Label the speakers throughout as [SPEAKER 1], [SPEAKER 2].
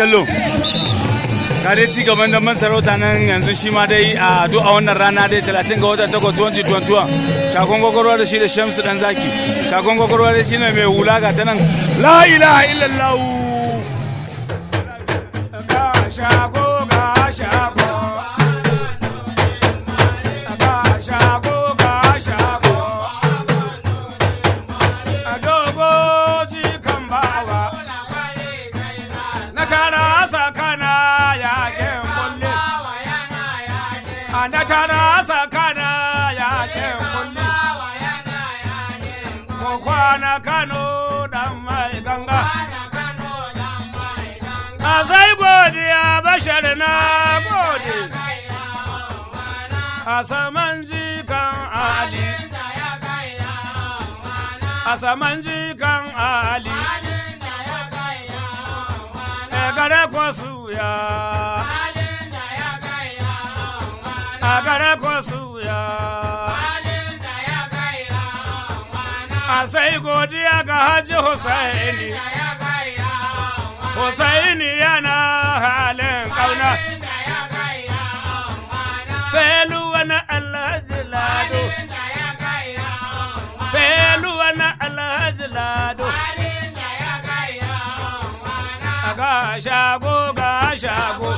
[SPEAKER 1] kallo kare ci gaban da sarauta nan yanzu shi ma dai a duk a wannan rana dai 30 ga wata 8 2021 shakon gwagwarwa da shi da shamsu dan zaki shakon gwagwarwa da shi ne mai hula ga ta nan
[SPEAKER 2] la ilaha illallahu shagon Kano dan mai ganga. A sai godiya bashar na gode. A saman jikan Ali. A saman jikan Ali. E a Gare kwasu ya. A gare kwasu ya. a sai godiya ga Haji Husaini. Husaini yana halin kauna. Belu wani Alhaji Lado. Belu wani Alhaji Lado. Ga shago ga shago.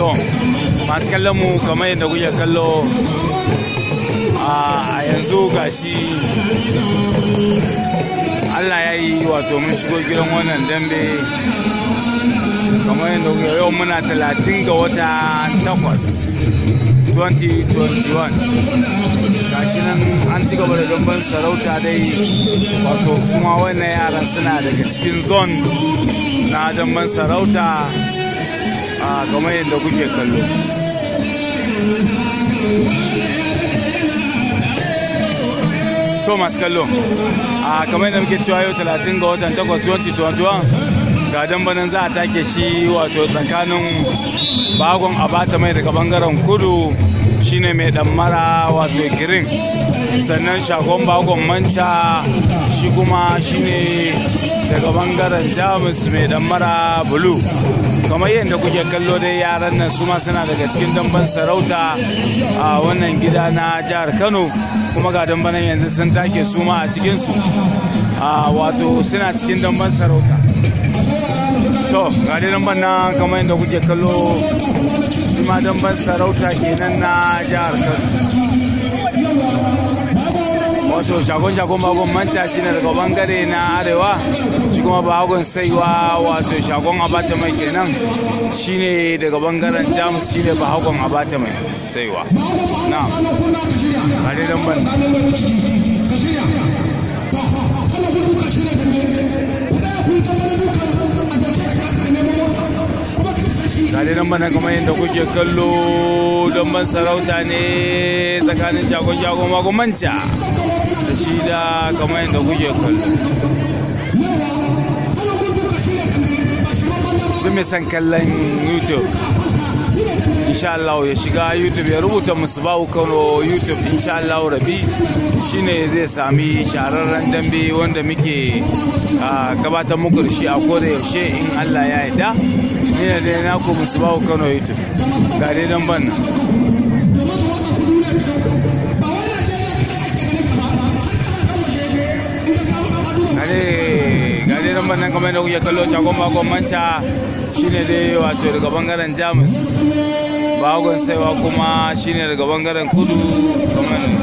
[SPEAKER 1] to masu kallon mu kamar yadda kuke kallo a yanzu gashi allah ya yi wato mun shigo gidan wannan dambe kamar yadda kuke yau muna talatin ga wata takwas 2021 gashi nan an ci gaba da dambar sarauta dai wato kuma wannan yaran suna daga cikin zon na dambar sarauta a kamar yadda kuke kallo thomas kallo a kamar yadda muke cewa yau 30 ga watan 8 2021 ga dambanin za a take shi wato tsakanin bagon abata mai daga bangaren kudu shine mai mara wato green sannan shagon bagon manta shi kuma shine daga bangaren jamus mai mara blue kamar yadda kuke kallo dai yaran nan su ma suna daga cikin damban sarauta a wannan gida na jihar kano kuma ga dambanan yanzu sun take su ma a cikinsu wato suna cikin damban sarauta to ga dai damban nan kamar yadda kuke kallo yanzu ma don ban sarauta kenan na jihar kano wato shagon-shagon bagon manta shi ne daga bangare na arewa shi kuma bagon saiwa wato shagon abata mai kenan shi ne daga bangaren jamus shi ne bagon abata mai saiwa
[SPEAKER 3] na hari don ban Thank you.
[SPEAKER 1] gari nan bana kamar yadda kuke kallo don ban sarauta ne tsakanin jagon shagon magumanta da shi da kamar yadda kuke kallo duk mai san kallon youtube Inshallah ya shiga YouTube ya rubuta musu ba Kano YouTube insha Rabi shine zai sami shararren dambe wanda muke ah, gabatar muku shi a koda yaushe in Allah ya yarda ni ne dai naku ba Kano YouTube ga dai nan kuma nan kamar da kuke kallo jagoma manta shine dai wato daga bangaren jamus bagon saiwa kuma shine daga bangaren kudu kamar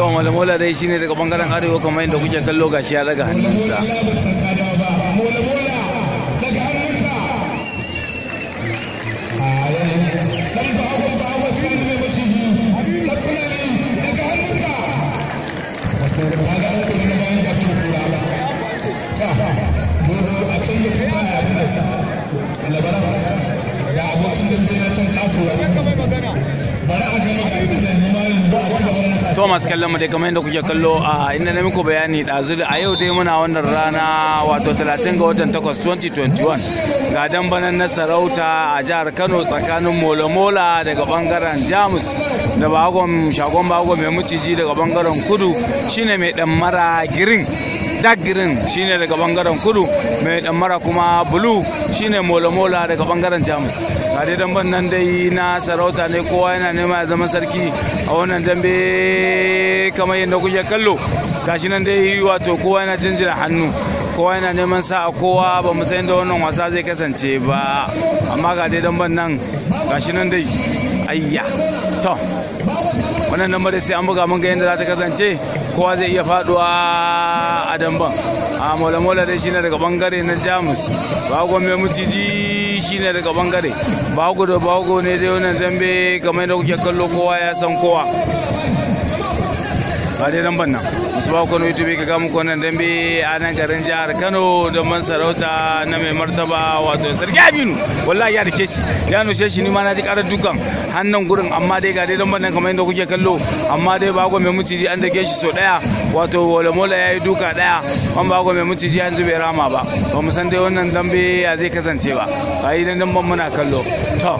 [SPEAKER 1] to malamola dai shine daga bangaren arewa kamar yadda kuke kallo gashi ya daga hannunsa
[SPEAKER 3] Bara a gama ga yi nima yanzu a
[SPEAKER 1] Thomas masu kallon mu dai kamar yadda kuke kallo a inda na muku bayani ɗazu a yau dai muna wannan rana wato 30 ga watan 8 2021 ga dambanan na sarauta a jihar kano tsakanin mola-mola daga bangaren jamus da bagon shagon bagon mai maciji daga bangaren kudu shine mai ɗan mara girin dark green shine daga bangaren kudu mai mara kuma blue shine mola-mola daga bangaren jamus ga dai damban nan dai na sarauta ne kowa yana nema ya zama sarki a wannan dambe kamar yadda kuke kallo gashi nan dai wato kowa yana jinjina hannu kowa yana neman sa'a kowa ba mu san da wannan wasa zai kasance ba amma ga dai damban nan gashi nan dai ayya to wannan lambar sai an buga mun ga yadda za ta kasance kowa zai iya faduwa a damban a mola dai shine daga bangare na jamus bago mai muciji shine daga bangare bago da bago ne dai wannan dambe kamar da kuke kallo kowa ya san kowa ba dai damban nan musu ba kwano youtube ka kwanan don dambe a nan garin jihar kano don man sarauta na mai martaba wato sarki aminu wallahi ya dake shi ya nushe shi ni ma na ji karar dukan hannun gurin amma dai ga dai damban nan kamar yadda kuke kallo amma dai bago mai muciji an ke shi so daya wato mola ya yi duka daya ba bago mai muciji an zube rama ba ba mu san dai wannan dambe ya zai kasance ba ba yi damban muna kallo to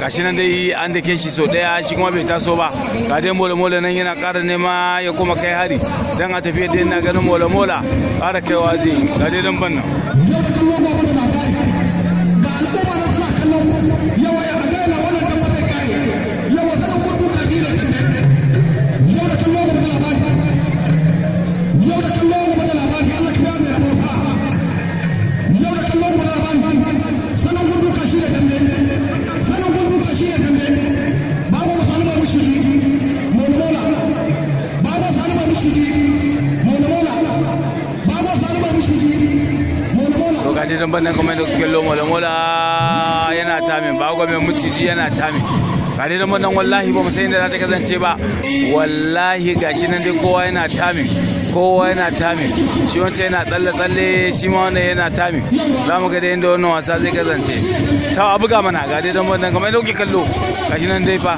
[SPEAKER 1] gashi nan dai an dake shi so daya shi kuma bai taso ba ga dai mola mola nan yana ƙara nema ya kuma kai hari dan a tafiya dai na ganin mola mola ƙara kaiwa zai ga dai dan nan jiran bannan kuma da suke lomo da mola yana ta min ba ga mai muciji yana ta min ba dai da wannan wallahi ba musayin da za ta kasance ba wallahi gashi nan dai kowa yana ta min kowa yana ta min shi wancan yana tsalle tsalle shi ma wannan yana ta min za mu ga dai inda wannan wasa zai kasance ta abu ga mana ga dai don wannan kuma da kuke kallo gashi nan dai fa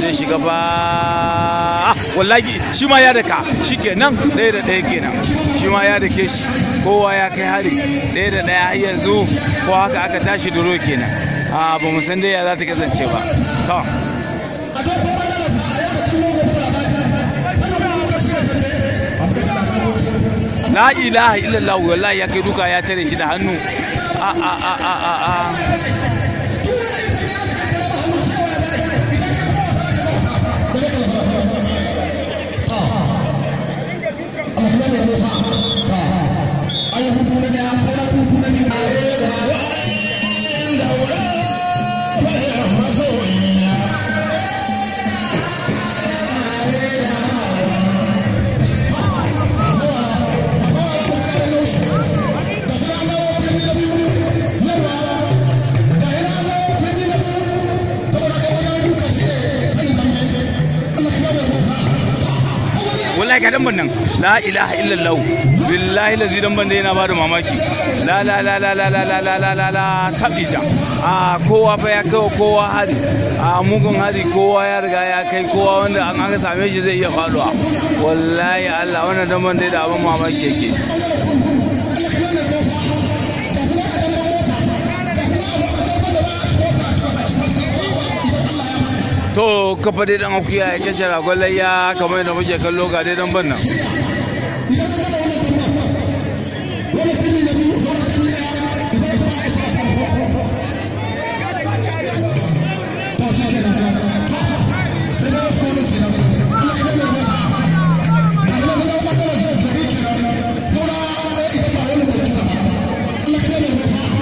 [SPEAKER 1] zai shiga ba ah, wallahi shi ma ya daka shi kenan ɗaya da ɗaya kenan shi ma ya dake shi kowa ya kai hari ɗaya da ɗaya har yanzu ko haka aka tashi duro kenan a ba mu san dai ya za ta kasance ba la ilaha illallah wallahi ya kai duka ya tare shi da hannu a a a a a a damban nan la ilaha illallah billahi lazi damban da yana bada mamaki la la la la la la la la la la la a kowa fa ya kawo kowa hari a mugun hari kowa ya riga ya kai kowa wanda an aka same shi zai iya faduwa wallahi Allah wannan damban da abin mamaki yake to kafa dai dan akuya ya kashe ragon ya kamar yadda muke kallo ga dai dan bannan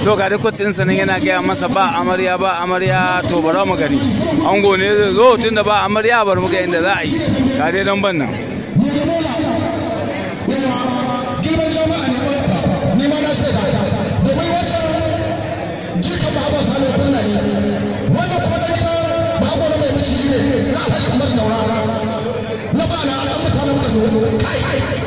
[SPEAKER 1] to ga duk sanin yana gaya masa ba amarya ba amarya to bara mu gani ango ne zai zo tun da ba amarya bar muka inda za a yi ga dai dan ban nan
[SPEAKER 3] Hey, hey, hey.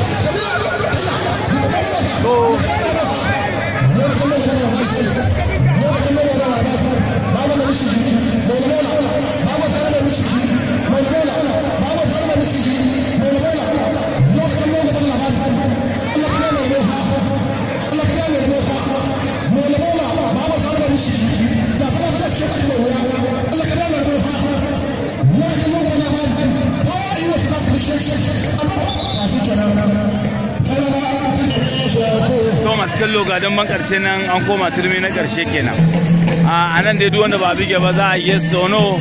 [SPEAKER 1] gashi nan an koma turmi na ƙarshe kenan a nan dai duk wanda ba bige ba za a yes or no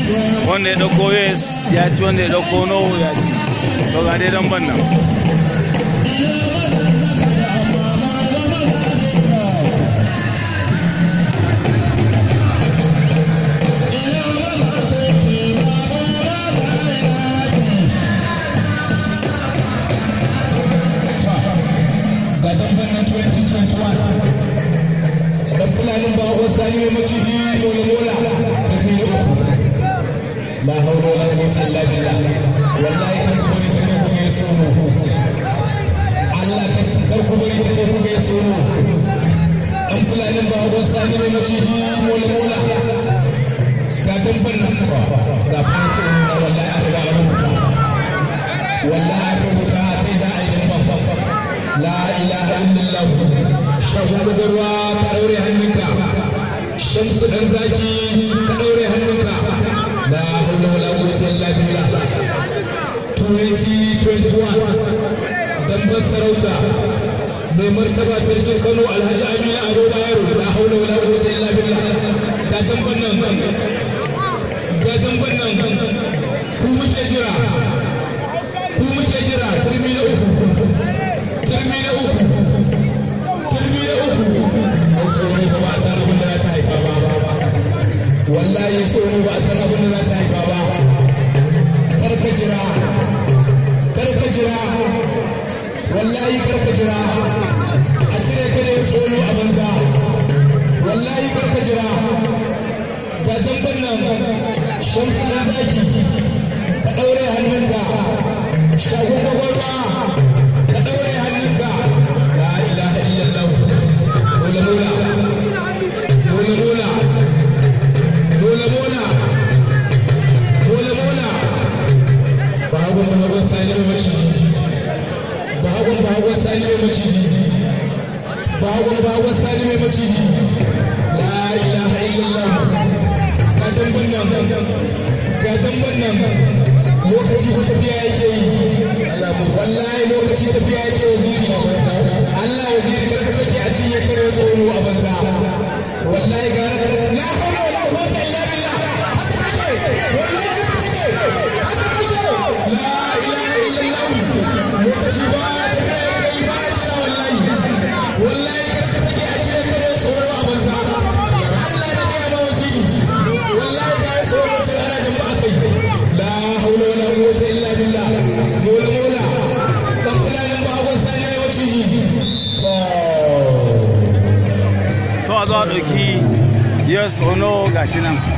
[SPEAKER 1] wanda ya dauko yes ya ci wanda ya dauko no ya ci to ga dai don ban nan
[SPEAKER 3] ruwa ka ɗaure hannunka shamsu ɗan zaki ka ɗaure hannunka la haula wala quwwata illa billah 2021 dambar sarauta mai martaba sarkin Kano Alhaji Aminu abu Bayero la haula wala quwwata illa billah
[SPEAKER 2] ga dambar nan ga dambar nan
[SPEAKER 3] wallahi tsoro ba san abin da za ta haifa ba kar ka jira kar jira wallahi kar ka jira a cire ka da tsoro a banza wallahi kar ka jira ga damban nan shamsu na zaki ka ɗaure hannunka shagon gwagwarwa hagun sani mai sani mai sani mai la ilaha illallah dambun nan dambun nan lokaci ta tafiya yake yi wallahi lokaci tafiya yake yi
[SPEAKER 1] yes or no gashi nan